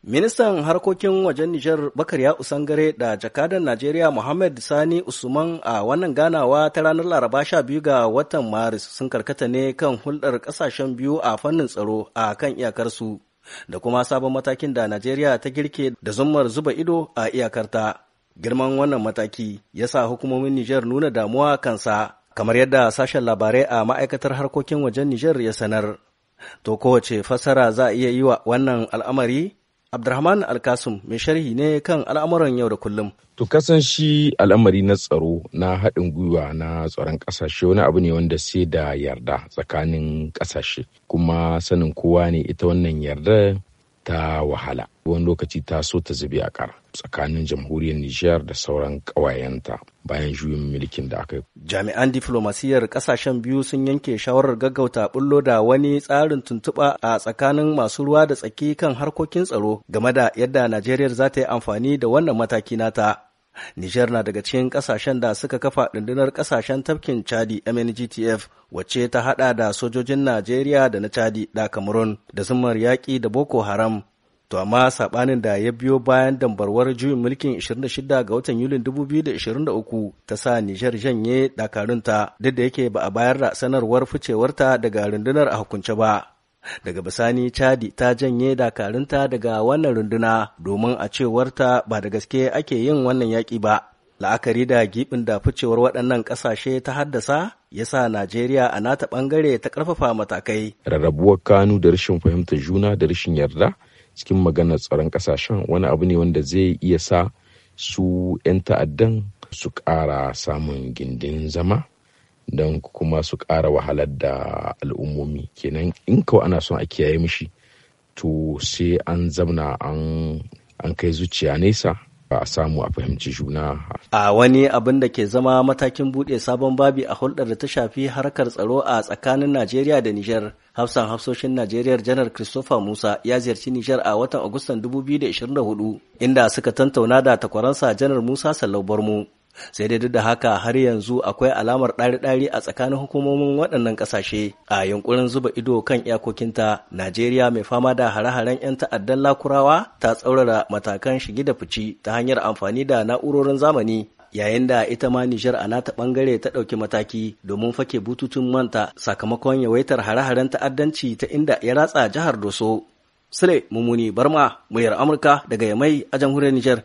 Ministan harkokin wajen Nijar Bakar ya Usangare da jakadan Najeriya Muhammad Sani Usman a wannan ganawa ta ranar Laraba 12 ga watan Maris sun karkata ne kan hulɗar ƙasashen biyu a fannin tsaro a kan iyakarsu da kuma sabon matakin da Najeriya ta girke da zumar zuba ido a iyakarta. Girman wannan mataki ya sa hukumomin Nijar nuna damuwa kansa kamar yadda sashen labarai a ma'aikatar harkokin wajen Nijar ya sanar. To kowace fassara za a iya yi wa wannan al'amari? Abdurrahman Alkasum mai sharhi ne kan al'amuran yau da kullum. To kasan shi al'amari na tsaro na haɗin gwiwa na tsaron ƙasashe wani abu ne wanda sai da yarda tsakanin ƙasashe kuma sanin kowa ne ita wannan yarda ta wahala. wani lokaci ta so ta zube a kar tsakanin jamhuriyar Nijar da sauran ƙawayenta bayan juyin mulkin da aka yi. Jami'an diflomasiyyar ƙasashen biyu sun yanke shawarar gaggauta bullo da wani tsarin tuntuɓa a tsakanin masu ruwa da tsaki kan harkokin tsaro game da yadda Najeriya za ta yi amfani da wannan mataki nata. Nijar na daga cikin ƙasashen da suka kafa rundunar ƙasashen tafkin Chadi MNGTF wacce ta hada da sojojin Najeriya da na Chadi da Cameroon da zumar yaƙi da Boko Haram To amma sabanin da ya biyo bayan dambarwar juyin mulkin 26 ga watan Yulin 2023 ta sa Nijar janye dakarunta duk da yake ba a bayar da sanarwar ficewarta daga rundunar a hukunce ba. Daga bisani Chadi ta janye dakarunta daga wannan runduna domin a cewarta ba da gaske ake yin wannan yaƙi ba. la'akari da gibin da ficewar waɗannan ƙasashe ta haddasa ya sa Najeriya a nata ɓangare ta ƙarfafa matakai. Rarrabuwar kanu da rashin fahimtar juna da rashin yarda cikin maganar tsaron kasashen wani abu ne wanda zai iya sa su 'yan ta'addan su ƙara samun gindin zama don kuma su ƙara wahalar da al'ummomi kenan in kawai ana son a kiyaye mishi to sai an zamna an kai zuciya nesa a samu a fahimci juna. A wani abin da ke zama matakin buɗe sabon babi a hulɗar da ta shafi harkar tsaro a tsakanin Najeriya da Nijar. Hafsan hafsoshin Najeriya Janar Christopher Musa ya ziyarci Nijar a watan Agustan 2024 inda suka tantauna da takwaransa Janar Musa Sallau Barmu. sai dai duk da haka har yanzu akwai alamar ɗari-ɗari a tsakanin hukumomin waɗannan ƙasashe a yunkurin zuba ido kan iyakokinta najeriya mai fama da hare-haren 'yan ta'addan lakurawa ta tsaurara matakan shige da fici ta hanyar amfani da na'urorin zamani yayin da ita ma Nijar a nata bangare ta ɗauki mataki domin fake bututun manta sakamakon yawaitar hare-haren ta'addanci ta inda ya ratsa jihar Doso. Sule Mumuni Barma, muryar Amurka daga Yamai a jamhuriyar Nijar.